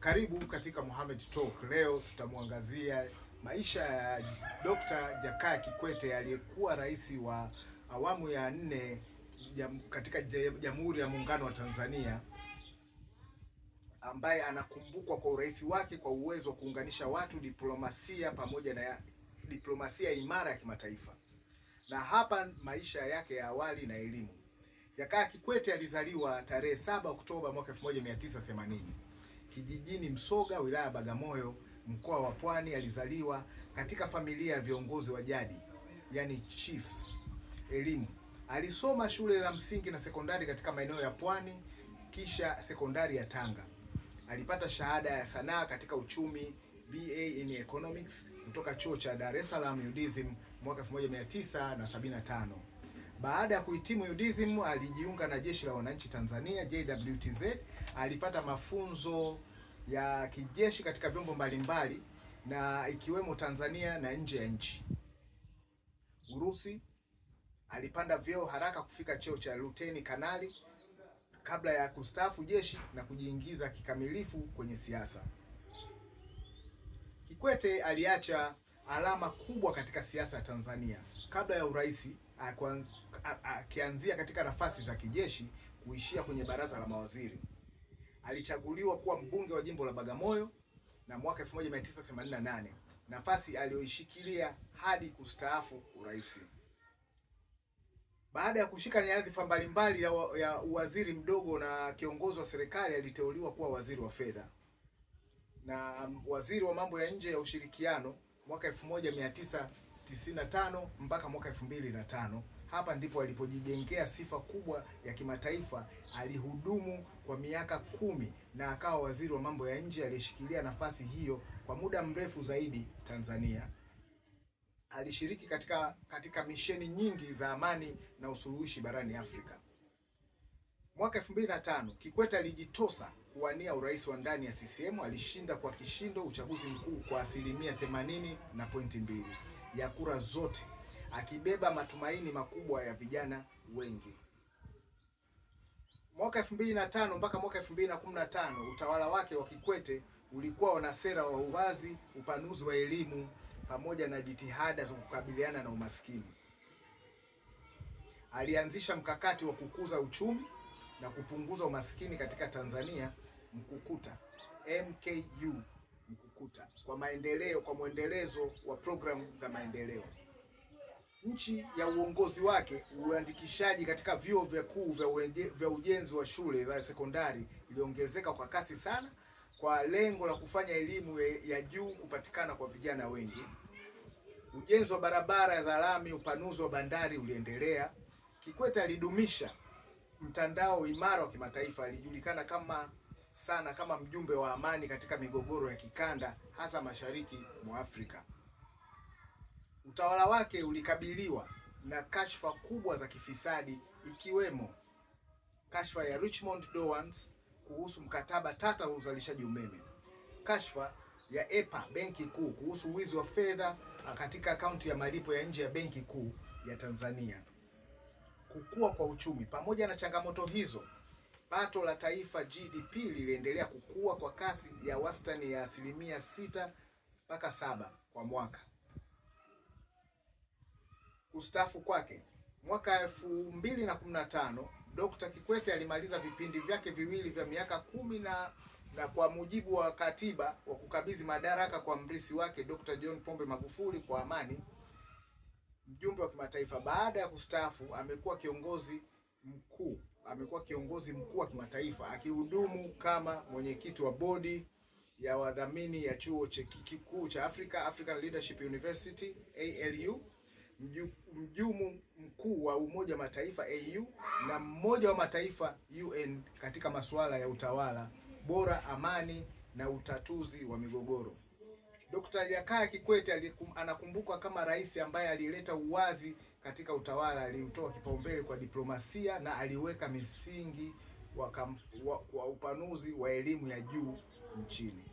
Karibu katika Mohamed Talk. Leo tutamwangazia maisha ya Dr. Jakaya Kikwete aliyekuwa rais wa awamu ya nne jam, katika Jamhuri ya Muungano wa Tanzania ambaye anakumbukwa kwa urais wake kwa uwezo wa kuunganisha watu, diplomasia pamoja na ya, diplomasia imara ya kimataifa. Na hapa maisha yake ya awali na elimu. Jakaya Kikwete alizaliwa tarehe 7 Oktoba mwaka 1980 kijijini Msoga, wilaya ya Bagamoyo, mkoa wa Pwani. Alizaliwa katika familia ya viongozi wa jadi, yani chiefs. Elimu, alisoma shule za msingi na sekondari katika maeneo ya Pwani, kisha sekondari ya Tanga. Alipata shahada ya sanaa katika uchumi BA in Economics kutoka chuo cha Dar es Salaam UDSM mwaka 1975. Baada ya kuhitimu UDSM alijiunga na Jeshi la Wananchi Tanzania JWTZ. Alipata mafunzo ya kijeshi katika vyombo mbalimbali na ikiwemo Tanzania na nje ya nchi. Urusi alipanda vyeo haraka kufika cheo cha luteni kanali kabla ya kustaafu jeshi na kujiingiza kikamilifu kwenye siasa. Kikwete aliacha alama kubwa katika siasa ya Tanzania kabla ya urais, akianzia katika nafasi za kijeshi kuishia kwenye baraza la mawaziri alichaguliwa kuwa mbunge wa jimbo la Bagamoyo na mwaka 1988 nafasi aliyoishikilia hadi kustaafu urais. Baada ya kushika nyadhifa mbalimbali ya, ya uwaziri mdogo na kiongozi wa serikali, aliteuliwa kuwa waziri wa fedha na um, waziri wa mambo ya nje ya ushirikiano mwaka 1995 mpaka mwaka 2005. Hapa ndipo alipojijengea sifa kubwa ya kimataifa. Alihudumu kwa miaka kumi na akawa waziri wa mambo ya nje aliyeshikilia nafasi hiyo kwa muda mrefu zaidi Tanzania. Alishiriki katika, katika misheni nyingi za amani na usuluhishi barani Afrika. Mwaka 2005 Kikwete alijitosa kuwania urais wa ndani ya CCM. Alishinda kwa kishindo uchaguzi mkuu kwa asilimia 80 na pointi mbili ya kura zote akibeba matumaini makubwa ya vijana wengi. Mwaka 2005 mpaka mwaka 2015 utawala wake wa Kikwete ulikuwa una sera wa uwazi, upanuzi wa elimu pamoja na jitihada za kukabiliana na umaskini. Alianzisha mkakati wa kukuza uchumi na kupunguza umaskini katika Tanzania, Mkukuta, MKU Mkukuta, kwa maendeleo, kwa mwendelezo wa programu za maendeleo nchi ya uongozi wake uandikishaji katika vyuo vikuu vya ujenzi wa shule za sekondari iliongezeka kwa kasi sana kwa lengo la kufanya elimu ya juu kupatikana kwa vijana wengi. Ujenzi wa barabara za lami, upanuzi wa bandari uliendelea. Kikwete alidumisha mtandao imara wa kimataifa. Alijulikana kama sana kama mjumbe wa amani katika migogoro ya kikanda, hasa mashariki mwa Afrika. Utawala wake ulikabiliwa na kashfa kubwa za kifisadi ikiwemo kashfa ya Richmond Dowans kuhusu mkataba tata wa uzalishaji umeme, kashfa ya EPA Benki Kuu kuhusu wizi wa fedha ah, katika akaunti ya malipo ya nje ya Benki Kuu ya Tanzania. Kukua kwa uchumi. Pamoja na changamoto hizo, pato la taifa GDP liliendelea kukua kwa kasi ya wastani ya asilimia sita mpaka saba kwa mwaka kustafu kwake mwaka elfu mbili na kumi na tano Kikwete alimaliza vipindi vyake viwili vya miaka kumi na na kwa mujibu wa katiba wa kukabidhi madaraka kwa mrithi wake Dr. John Pombe Magufuli kwa amani, mjumbe wa kimataifa. Baada ya kustaafu, amekuwa kiongozi mkuu amekuwa kiongozi mkuu wa kimataifa akihudumu kama mwenyekiti wa bodi ya wadhamini ya chuo kikuu cha Afrika African Leadership University ALU mjumu mkuu wa Umoja wa Mataifa AU na mmoja wa mataifa UN katika masuala ya utawala bora, amani na utatuzi wa migogoro. Dr. Jakaya Kikwete anakumbukwa kama rais ambaye alileta uwazi katika utawala, aliutoa kipaumbele kwa diplomasia na aliweka misingi wa, kam, wa, wa upanuzi wa elimu ya juu nchini.